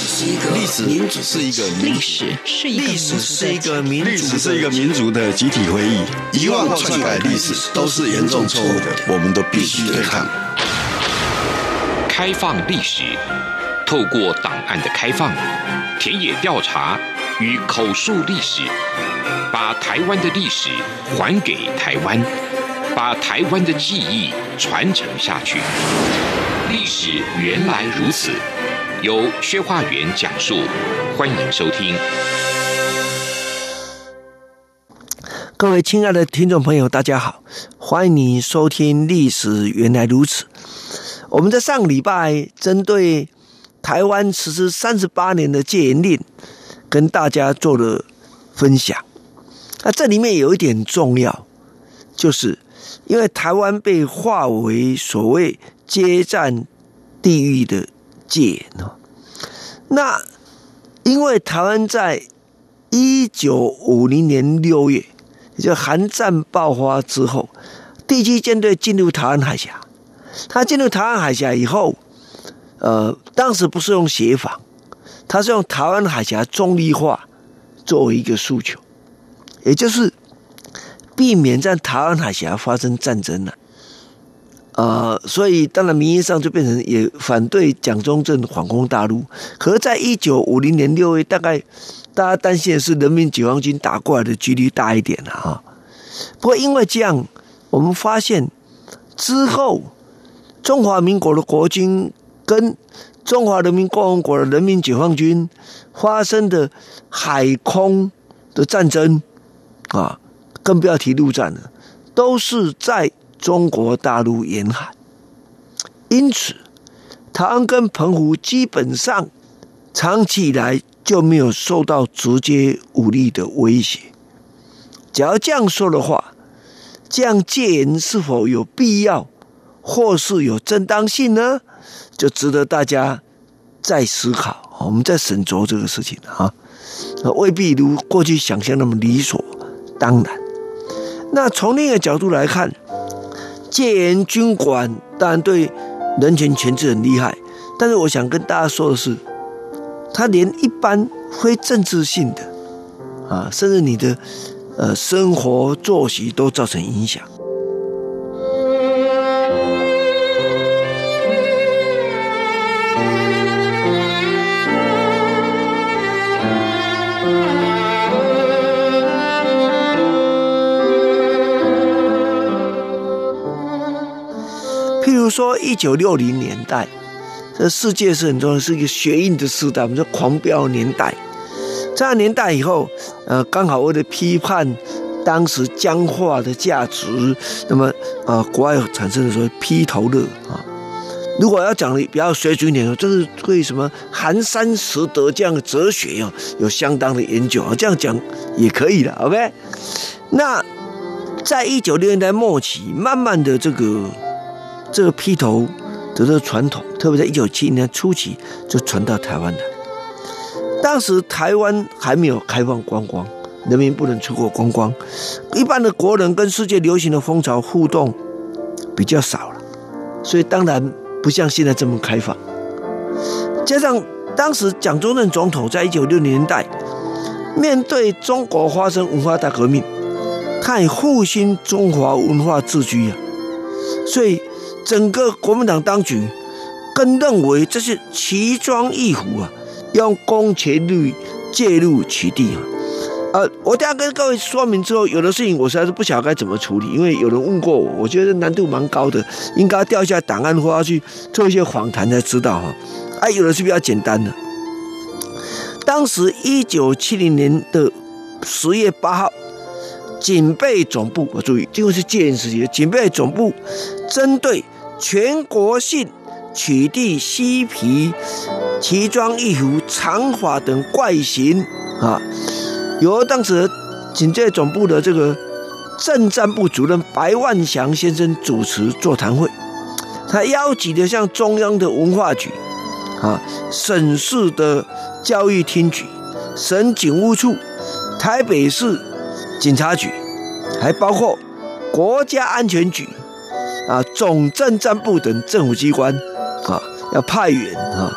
歷史是一個歷史是一個，歷史是一個民族的歷史是一個民族的集體回憶，遺忘篡改的歷史都是嚴重錯誤的，我們都必須對抗。開放歷史，透過檔案的開放、田野調查與口述歷史，把台灣的歷史還給台灣，把台灣的記憶傳承下去。歷史原來如此。由薛化元講述，歡迎收聽。各位親愛的聽眾朋友，大家好，歡迎你收聽《歷史原來如此》。我們在上個禮拜針對台灣實施三十八年的戒嚴令，跟大家做了分享。那這裡面有一點重要，就是因為台灣被劃為所謂“接戰”地域的。戒呢。那因為台灣在一九五零年六月，也就韓戰爆發之後，第七艦隊進入台灣海峽。他進入台灣海峽以後，呃，當時不是用協防，他是用台灣海峽中立化作為一個訴求，也就是避免在台灣海峽發生戰爭了。啊、呃，所以當然名義上就變成也反對蔣中正反攻大陸。可在一九五零年六月，大概大家擔心的是人民解放軍打過來的幾率大一點了啊。不過，因為這樣，我們發現之後，中華民國的國軍跟中華人民共和國的人民解放軍發生的海空的戰爭啊，更不要提陸戰了，都是在。中國大陸沿海，因此，臺灣跟澎湖基本上長期以來就沒有受到直接武力的威脅。假如這樣說的話，這樣戒嚴是否有必要，或是有正當性呢？就值得大家再思考。我們在審酌這個事情啊，未必如過去想象那麼理所當然。那從另一個角度來看。戒嚴軍管當然對人權權制很厲害，但是我想跟大家說的是，它連一般非政治性的啊，甚至你的呃生活作息都造成影響。說一九六零年代，這世界是很重要，是一個學運的時代，我們叫狂飆年代。這樣年代以後，呃，剛好為了批判當時僵化的價值，那麼呃，國外產生的所謂批頭熱啊。如果要講比較學術一點，就是對什麼寒山拾得這樣的哲學喲、啊，有相當的研究啊。這樣講也可以的，OK。那在一九六零年代末期，慢慢的這個。這個披頭的這個傳統，特別在一九七一年初期就傳到台灣來。當時台灣還沒有開放觀光，人民不能出國觀光，一般的國人跟世界流行的風潮互動比較少了，所以當然不像現在這麼開放。加上當時蔣中正總統在一九六零年代面對中國發生文化大革命，他以復興中華文化自居啊，所以。整個國民黨當局更認為這是奇裝異服啊，用公權力介入取締啊、呃。我等下跟各位說明之後，有的事情我實在是不曉得該怎麼處理，因為有人問過我，我覺得難度蠻高的，應該調一下檔案，或者去做一些訪談才知道哈。哎、啊，有的是比較簡單的。當時一九七零年的十月八號，警備總部，我注意，這個是戒嚴時期警備總部針對。全國性取締嬉皮、奇裝異服、長髮等怪行啊，由當時警備總部的這個政戰部主任白萬祥先生主持座談會，他邀集的像中央的文化局啊、省市的教育廳局、省警務處、臺北市警察局，還包括國家安全局。啊，總政戰部等政府機關，啊，要派員啊，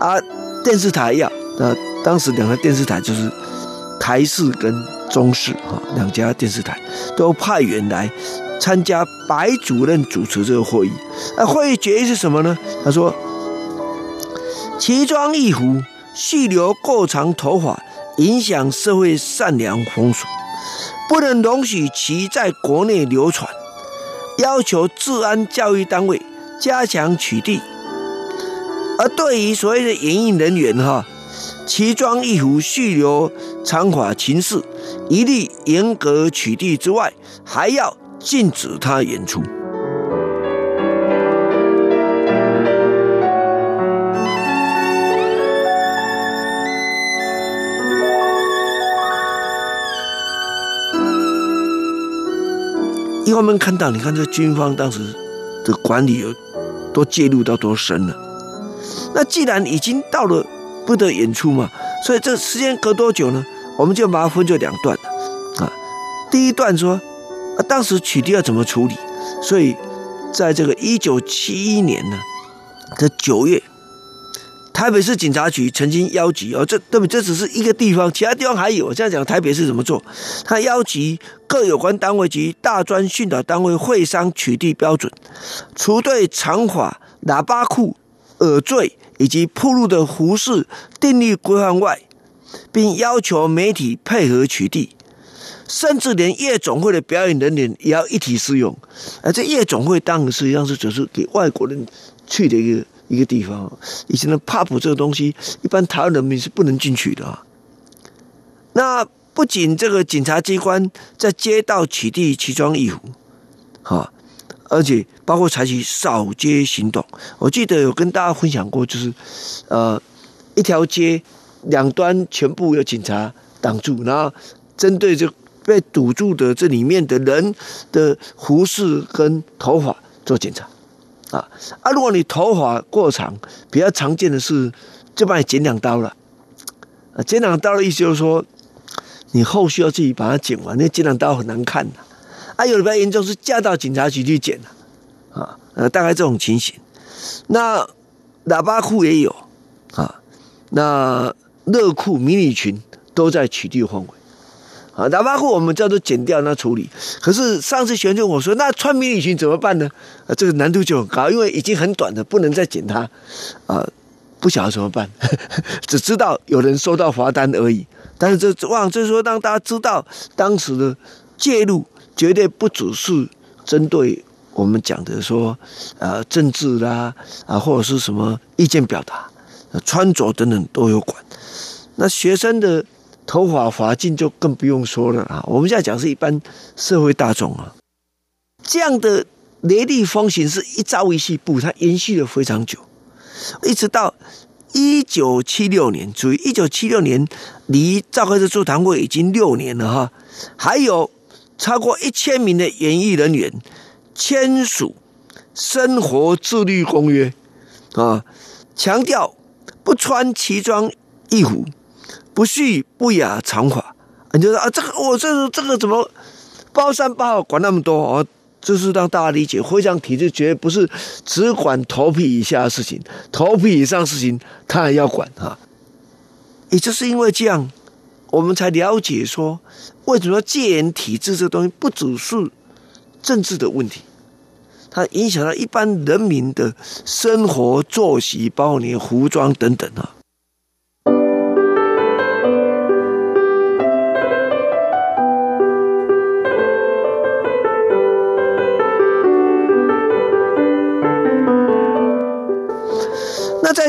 啊，電視台要，那、啊、當時兩個電視台就是台視跟中視啊，兩家電視台都派員來參加白主任主持這個會議。啊，會議決議是什麼呢？他說：奇裝異服、蓄留過長頭髮，影響社會善良風俗，不能容許其在國內流傳。要求治安教育單位加強取締，而對於所謂的演藝人員哈，奇裝異服、蓄留長髮、情事，一律嚴格取締之外，還要禁止他演出。我們看到，你看這軍方當時，的管理都介入到多深了。那既然已經到了不得演出嘛，所以這時間隔多久呢？我們就把它分成兩段了啊。第一段說，啊、當時取締要怎麼處理？所以，在這個一九七一年呢，的九月。台北市警察局曾經邀集哦，這對不？這只是一個地方，其他地方還有這樣講。台北市怎麼做？他邀集各有關單位及大專訓導單位會商取締標準，除對長髮、喇叭褲、耳墜以及暴露的服飾訂立規範外，並要求媒體配合取締，甚至連夜總會的表演人員也要一體適用。而這夜總會當時實際上是只是給外國人去的一個。一個地方，以前的怕普這個東西，一般台灣人民是不能進去的。那不僅這個警察機關在街道取締奇裝異服，哈，而且包括採取掃街行動。我記得有跟大家分享過，就是呃，一條街兩端全部有警察擋住，然後針對這被堵住的這裡面的人的服飾跟頭髮做檢查。啊啊！如果你頭髮過長，比較常見的是，就幫你剪兩刀了。啊，剪兩刀的意思就是說，你後續要自己把它剪完，那剪兩刀很難看的、啊。啊，有的比較嚴重是嫁到警察局去剪啊，呃、啊啊，大概這種情形。那喇叭褲也有，啊，那熱褲、迷你裙都在取締範圍。啊，喇叭褲我們叫做剪掉那處理。可是上次學生說我說，那穿迷你裙怎麼辦呢？啊，這個難度就很高，因為已經很短了，不能再剪它。啊，不曉得怎麼辦，呵呵只知道有人收到罰單而已。但是這，往就是說讓大家知道，當時的介入絕對不只是針對我們講的說，啊，政治啦，啊，或者是什麼意見表達、穿着等等都有管。那學生的。頭髮髮禁就更不用說了啊！我們現在講是一般社會大眾啊，這樣的雷厲風行是一朝一夕不，它延續了非常久，一直到一九七六年。注意，一九七六年離召開這座談會已經六年了哈。還有超過一千名的演藝人員簽署《生活自律公約》啊，強調不穿奇裝異服。不序不雅長法，你就說啊，這個我、啊、這個、這個怎麼包山包海管那麼多啊？這、就是讓大家理解，戒嚴體制絕不是只管頭皮以下的事情，頭皮以上的事情他也要管、啊、也就是因為這樣，我們才了解說，為什麼戒嚴體制這東西不只是政治的問題，它影響到一般人民的生活作息、包括你服裝等等啊。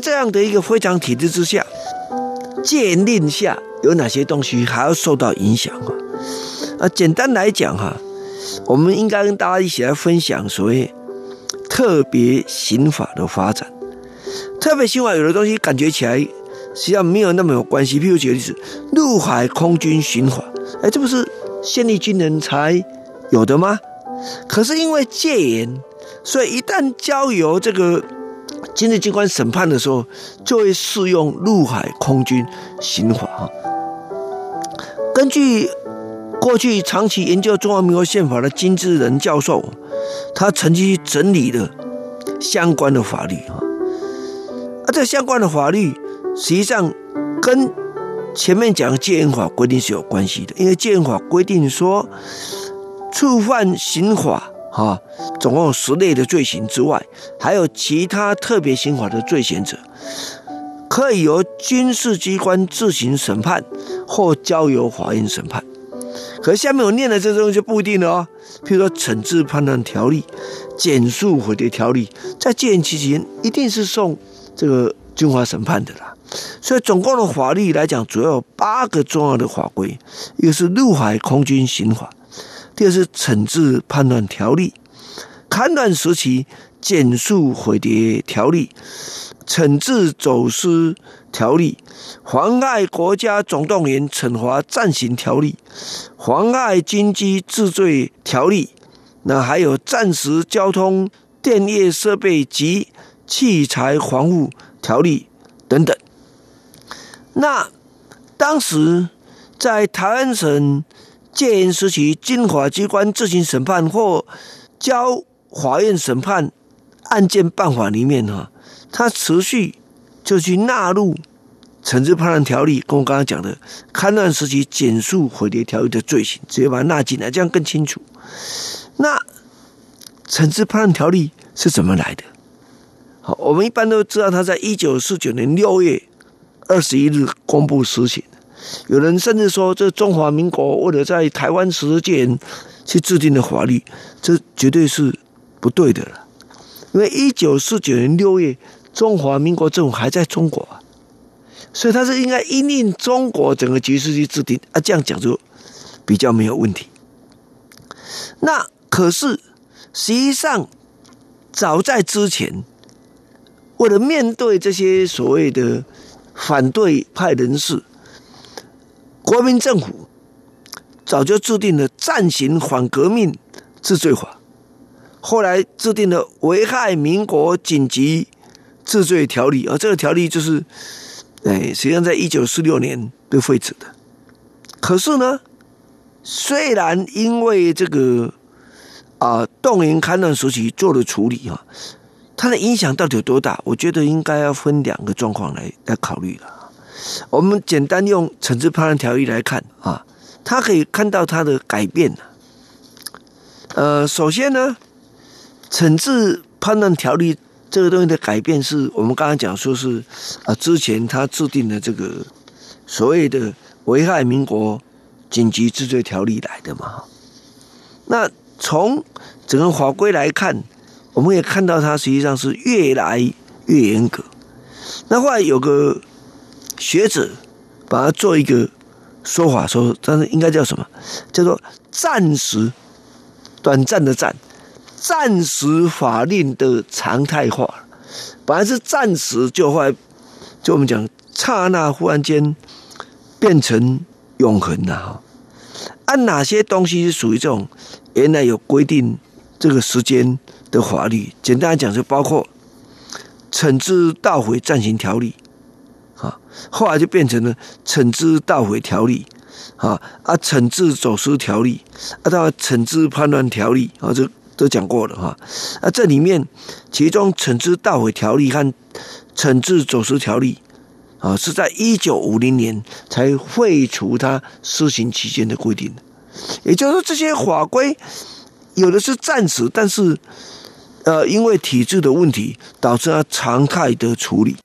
在這樣的一個非常體制之下，戒嚴令下有哪些東西還要受到影響啊？啊，簡單來講哈、啊，我們應該跟大家一起來分享所謂特別刑法的發展。特別刑法有的東西感覺起來實際上沒有那麼有關係，譬如舉個例子，陸海空軍刑法，哎、欸，這不是現役軍人才有的嗎？可是因為戒嚴，所以一旦交由這個。軍事機關審判的時候，就會適用陸海空軍刑法。根據過去長期研究《中華民國憲法》的金志仁教授，他曾經整理了相關的法律。啊，這個、相關的法律實際上跟前面講《戒嚴法》規定是有關係的，因為《戒嚴法》規定說，觸犯刑法。啊，總共有十類的罪行之外，還有其他特別刑法的罪行者，可以由軍事機關自行審判，或交由法院審判。可下面我念的這些東西就不一定了哦。譬如說《懲治叛亂條例》《檢肅匪諜條例》，在戒嚴期間一定是送這個軍法審判的啦。所以，總共的法律來講，主要有八個重要的法規，一個是陸海空軍刑法。第二是懲治叛亂條例，戡亂時期檢肅匪諜條例，懲治走私條例，妨害國家總動員懲罰暫行條例，妨害軍機治罪條例，那還有戰時交通電業設備及器材防護條例等等。那當時在台灣省。戒嚴時期，軍法機關自行審判或交法院審判案件辦法裡面，哈，他持續就去納入懲治叛亂條例，跟我剛剛講的戡亂時期檢肅匪諜條例的罪行，直接把它納進來，這樣更清楚。那懲治叛亂條例是怎麼來的？好，我們一般都知道，他在一九四九年六月二十一日公布實行。有人甚至說，這中華民國為了在台灣實踐，去制定的法律，這絕對是不對的了。因為一九四九年六月，中華民國政府還在中國啊，所以他是應該因應中國整個局勢去制定啊，這樣講就比較沒有問題。那可是實際上，早在之前，為了面對這些所謂的反對派人士。國民政府早就制定了“暫行反革命治罪法”，後來制定了《危害民國緊急治罪條例》啊，而這個條例就是，哎、欸，實際上在一九四六年被廢止的。可是呢，雖然因為這個啊、呃，動員戡亂時期做了處理啊，它的影響到底有多大？我覺得應該要分兩個狀況來來考慮了。我們簡單用懲治叛亂條例來看啊，他可以看到它的改變。呃，首先呢，懲治叛亂條例這個東西的改變是我們剛才講說是啊，之前他制定的這個所謂的危害民國緊急治罪條例來的嘛。那從整個法規來看，我們也看到它實際上是越來越嚴格。那後來有個。學者把它做一個說法說，但是應該叫什麼？叫做暫時、短暫的暫，暫時法令的常態化，本來是暫時就會，就我們講剎那，忽然間變成永恆了哈。按、啊、哪些東西是屬於這種？原來有規定這個時間的法律，簡單來講就包括懲治盜匪暫行條例。後來就變成了懲治盜匪條例，啊啊，懲治走私條例，啊，到懲治叛亂條例，啊，這都講過了哈。啊，這裡面其中懲治盜匪條例和懲治走私條例，啊，是在一九五零年才廢除它施行期間的規定的。也就是說，這些法規有的是暫時，但是，呃，因為體制的問題，導致它常態的處理。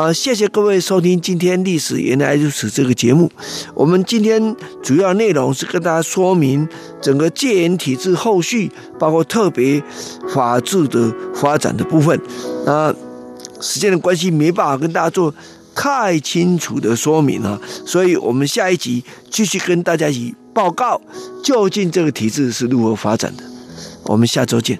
啊，謝謝各位收聽今天《歷史原來如此》這個節目。我們今天主要內容是跟大家說明整個戒嚴體制，後續，包括特別法制的發展的部分。啊，時間的關係沒辦法跟大家做太清楚的說明啊，所以我們下一集繼續跟大家一起報告，究竟這個體制是如何發展的。我們下周見。